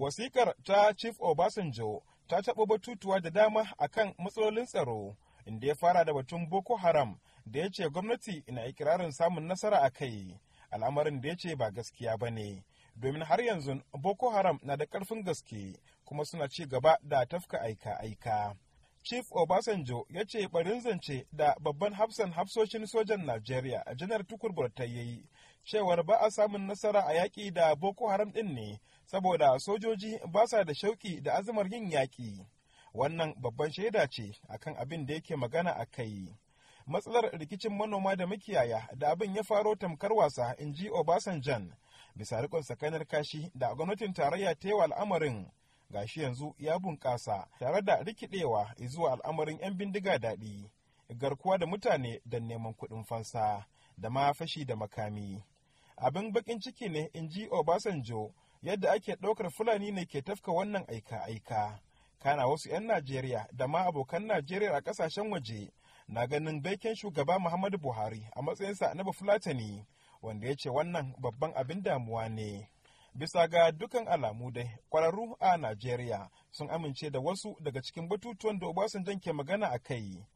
Wasikar ta Chief Obasanjo ta taɓa batutuwa da dama akan matsalolin tsaro, inda ya fara da batun Boko Haram da ya ce gwamnati na ikirarin samun nasara a kai, al'amarin da ya ce ba gaskiya ba ne. Domin har yanzu Boko Haram na da ƙarfin gaske kuma suna ci gaba da tafka aika-aika. Chief Obasanjo ya ce barin zance da babban hafsan hafsoshin sojan Najeriya a janar tukur ta cewar ba a samun nasara a yaƙi da Boko Haram ɗin ne saboda sojoji ba sa da shauƙi da azumar yin yaƙi. Wannan babban shaida ce akan abin da yake magana a kai. Matsalar rikicin manoma da makiyaya da abin ya faro tamkar wasa in ji Obasanjan bisa rikon sakanar kashi da gwamnatin tarayya ta yi al'amarin. gashi yanzu ya bunƙasa tare da rikidewa zuwa al'amarin 'yan bindiga daɗi garkuwa da mutane don neman kuɗin fansa da ma fashi da makami abin bakin ciki ne in ji obasanjo yadda ake ɗaukar fulani ne ke tafka wannan aika-aika kana wasu 'yan najeriya da ma abokan najeriya a ƙasashen waje na ganin baiken shugaba muhammadu buhari a matsayinsa na bafulatani wanda ya ce wannan babban abin damuwa ne bisa ga dukan alamu dai kwararru a najeriya sun amince da wasu daga cikin batutuwan da obasanjan ke magana a kai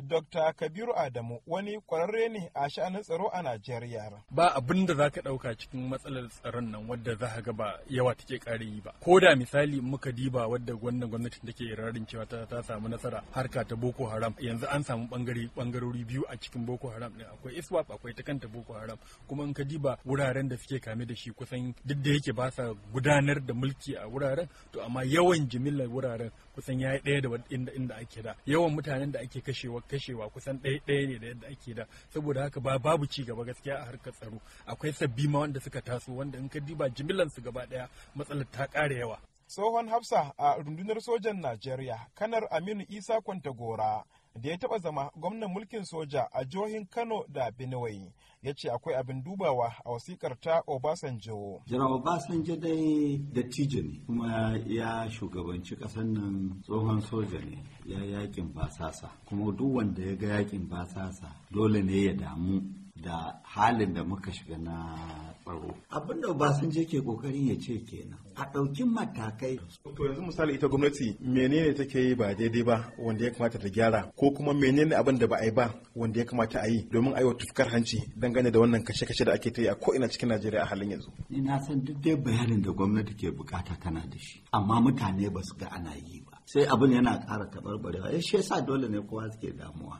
Dr. Kabiru Adamu wani kwararre ne a sha'anin tsaro a Najeriya. Ba abin da za ka ɗauka cikin matsalar tsaron nan wadda za ka ga ba yawa take ƙare yi ba. Ko da misali muka diba wadda wannan gwamnatin take rarin cewa ta, ta samu nasara harka ta Boko Haram yanzu an samu ɓangare bangarori biyu a cikin Boko Haram ne akwai ISWAP akwai ta kanta Boko Haram kuma in ka diba wuraren da suke kame da shi kusan duk da yake ba sa gudanar da mulki a wuraren to amma yawan jimillar wuraren kusan ya yi ɗaya da inda ake da yawan mutanen da ake kashewa kashewa kusan ɗaya ɗaya ne da yadda ake da saboda haka ba babu ci gaba gaskiya a harkar tsaro akwai sabbi ma wanda suka taso wanda in ka diba jimillan su gaba ɗaya matsalar ta ƙara yawa tsohon hafsa a rundunar sojan najeriya kanar aminu isa kwantagora da ya taɓa zama gwamnan mulkin soja a jihohin Kano da Benue ya ce akwai abin dubawa a wasikar ta Obasanjo. Jira Obasanjo dai dattijo ne kuma ya shugabanci ƙasar nan tsohon soja ne ya yakin basasa kuma duk wanda ya ga yakin basasa dole ne ya damu da halin da muka shiga na tsaro. Abin da ba je ke kokarin ya ce kenan. A ɗaukin matakai. To yanzu misali ita gwamnati menene take yi ba daidai ba wanda ya kamata ta gyara ko kuma menene abin da ba a yi ba wanda ya kamata a yi domin a yi tufkar hanci dangane da wannan kashe-kashe da ake ta yi a ko'ina cikin Najeriya a halin yanzu. Ni na san duk dai bayanin da gwamnati ke bukata kana da shi amma mutane ba su ga ana yi ba. Sai abin yana ƙara taɓarɓarewa eh, ya shi yasa dole ne kowa suke damuwa.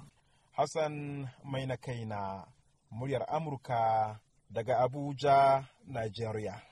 Hassan mai na kaina muryar Amurka daga Abuja, Nigeria.